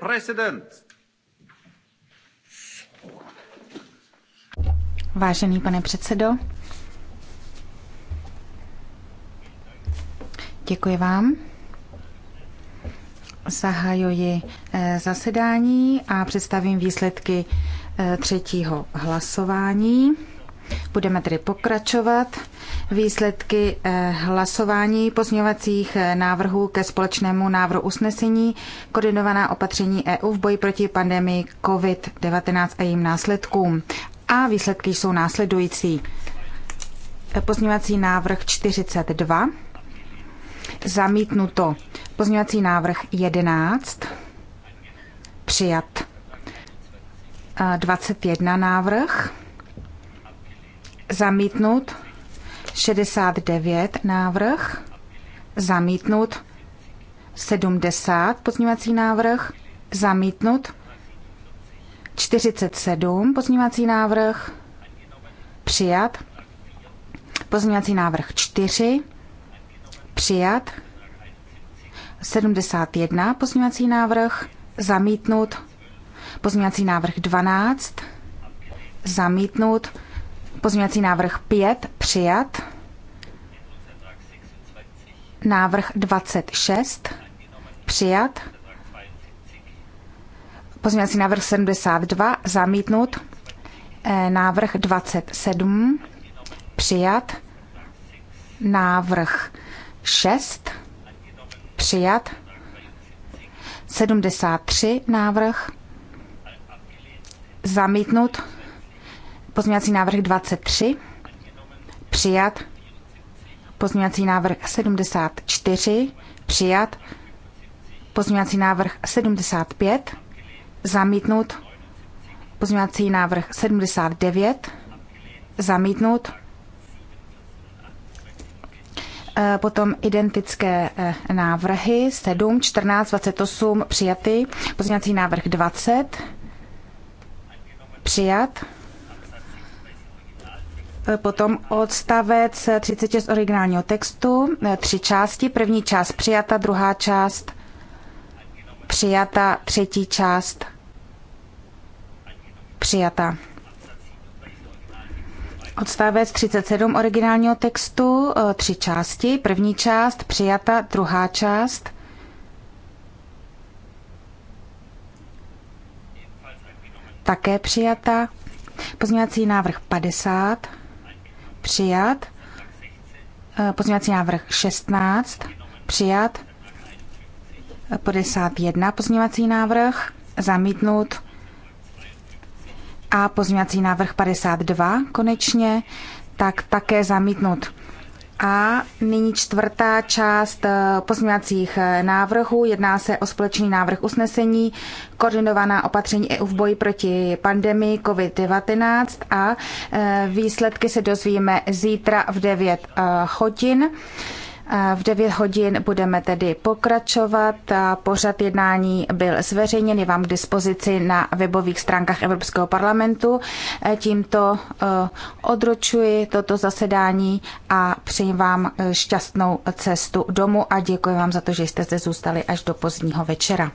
President. Vážený pane předsedo, děkuji vám. Zahajuji eh, zasedání a představím výsledky eh, třetího hlasování. Budeme tedy pokračovat výsledky eh, hlasování pozměňovacích eh, návrhů ke společnému návrhu usnesení koordinovaná opatření EU v boji proti pandemii COVID-19 a jejím následkům. A výsledky jsou následující. Eh, pozměňovací návrh 42, zamítnuto. Pozměňovací návrh 11, přijat. 21 návrh, zamítnut 69 návrh, zamítnut 70 pozměňovací návrh, zamítnut 47 pozměňovací návrh, přijat pozměňovací návrh 4, přijat 71 pozměňovací návrh, zamítnut pozměňovací návrh 12, zamítnut Pozměňovací návrh 5 přijat. Návrh 26 přijat. Pozměňovací návrh 72 zamítnut. Eh, návrh 27 přijat. Návrh 6 přijat. 73 návrh zamítnut. Pozměňovací návrh 23. Přijat. Pozměňovací návrh 74. Přijat. Pozměňovací návrh 75. Zamítnut. Pozměňovací návrh 79. Zamítnut. E, potom identické e, návrhy 7, 14, 28 přijaty. Pozměňovací návrh 20 přijat. Eh, potom odstavec 36 originálního textu, eh, tři části. První část přijata, druhá část přijata, třetí část přijata. Odstavec 37 originálního textu, eh, tři části. První část přijata, druhá část také přijata. Pozměňovací návrh 50 přijat. Eh, pozměňovací návrh 16 přijat. 51 eh, pozměňovací návrh zamítnut. A pozměňovací návrh 52 konečně, tak také zamítnut. A nyní čtvrtá část eh, pozměňovacích eh, návrhů. Jedná se o společný návrh usnesení, koordinovaná opatření EU v boji proti pandemii COVID-19 a eh, výsledky se dozvíme zítra v 9 hodin. V 9 hodin budeme tedy pokračovat. Pořad jednání byl zveřejněn, je vám k dispozici na webových stránkách Evropského parlamentu. E, tímto e, odročuji toto zasedání a přeji vám e, šťastnou cestu domů a děkuji vám za to, že jste zde zůstali až do pozdního večera.